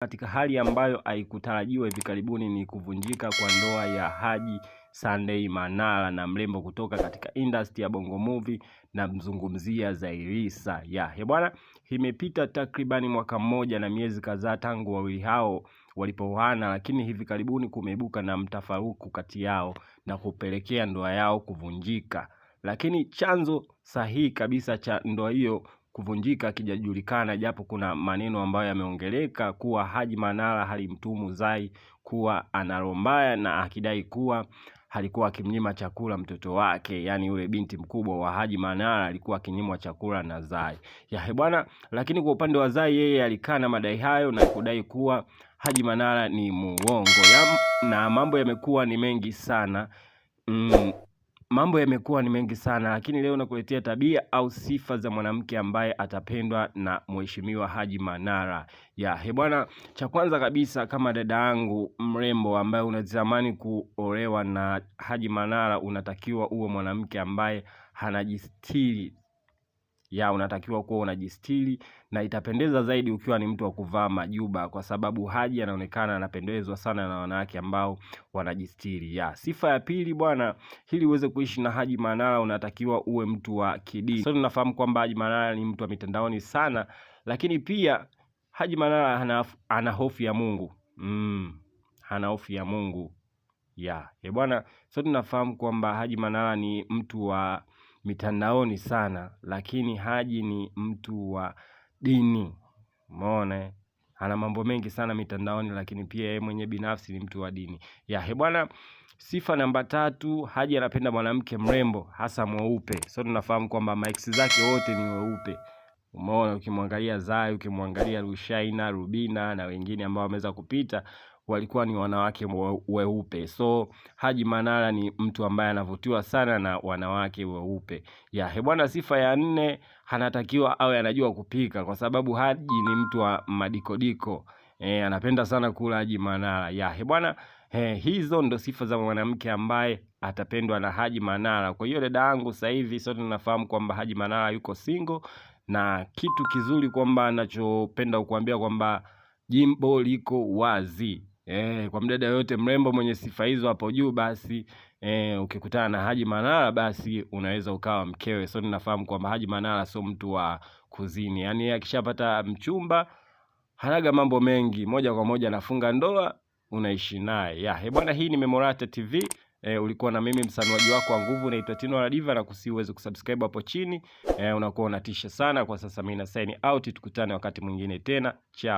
Katika hali ambayo haikutarajiwa hivi karibuni ni kuvunjika kwa ndoa ya Haji Sunday Manara na mrembo kutoka katika industry ya Bongo Movie namzungumzia Zaiylisa. Yeah, bwana, imepita takribani mwaka mmoja na miezi kadhaa tangu wawili hao walipooana, lakini hivi karibuni kumeibuka na mtafaruku kati yao na kupelekea ndoa yao kuvunjika. Lakini chanzo sahihi kabisa cha ndoa hiyo kuvunjika akijajulikana japo kuna maneno ambayo yameongeleka kuwa Haji Manara halimtumu Zai kuwa ana roho mbaya na akidai kuwa alikuwa akimnyima chakula mtoto wake, yani yule binti mkubwa wa Haji Manara alikuwa akinyimwa chakula na Zai. Ya bwana, lakini kwa upande wa Zai yeye alikana madai hayo na kudai kuwa Haji Manara ni muongo ya, na mambo yamekuwa ni mengi sana mm. Mambo yamekuwa ni mengi sana lakini leo nakuletea tabia au sifa za mwanamke ambaye atapendwa na mheshimiwa Haji Manara. Ya, he bwana, cha kwanza kabisa kama dada yangu mrembo ambaye unatamani kuolewa na Haji Manara unatakiwa uwe mwanamke ambaye hanajistiri ya unatakiwa kuwa unajistiri na itapendeza zaidi ukiwa ni mtu wa kuvaa majuba, kwa sababu Haji anaonekana anapendezwa sana na wanawake ambao wanajistiri. Ya sifa ya pili bwana, ili uweze kuishi na Haji Manara unatakiwa uwe mtu wa kidini. Sasa tunafahamu kwamba Haji Manara ni mtu wa mitandaoni sana, lakini pia Haji Manara ana hofu ya Mungu mm, ana hofu ya Mungu ya bwana. Sasa tunafahamu kwamba Haji Manara ni mtu wa mitandaoni sana lakini Haji ni mtu wa dini umeona ana mambo mengi sana mitandaoni lakini pia yeye mwenye binafsi ni mtu wa dini ya he bwana sifa namba tatu Haji anapenda mwanamke mrembo hasa mweupe so tunafahamu kwamba max zake wote ni weupe umeona ukimwangalia Zai ukimwangalia Rushaina Rubina na wengine ambao wameweza kupita walikuwa ni wanawake weupe. So Haji Manara ni mtu ambaye anavutiwa sana na wanawake weupe. Ya hebwana, sifa ya nne anatakiwa awe anajua kupika, kwa sababu Haji ni mtu wa madikodiko e, anapenda sana kula Haji Manara. Ya hebwana. He, hizo ndo sifa za mwanamke ambaye atapendwa na Haji Manara. Kwa hiyo dada yangu, sasa hivi sote tunafahamu kwamba Haji Manara yuko single, na kitu kizuri kwamba anachopenda kukuambia kwamba jimbo liko wazi. Eh, kwa mdada yoyote mrembo mwenye sifa hizo hapo juu basi eh, ukikutana na Haji Manara basi unaweza ukawa mkewe. So ninafahamu kwamba Haji Manara sio mtu wa kuzini, yaani akishapata mchumba haraga mambo mengi, moja kwa moja anafunga ndoa, unaishi naye ya he eh, bwana. Hii ni Memorata TV. E, eh, ulikuwa na mimi msanuaji wako wa nguvu naitwa Tino la Diva, na kusii uweze kusubscribe hapo chini. E, unakuwa unatisha sana kwa sasa. Mimi na sign out, tukutane wakati mwingine tena. Ciao.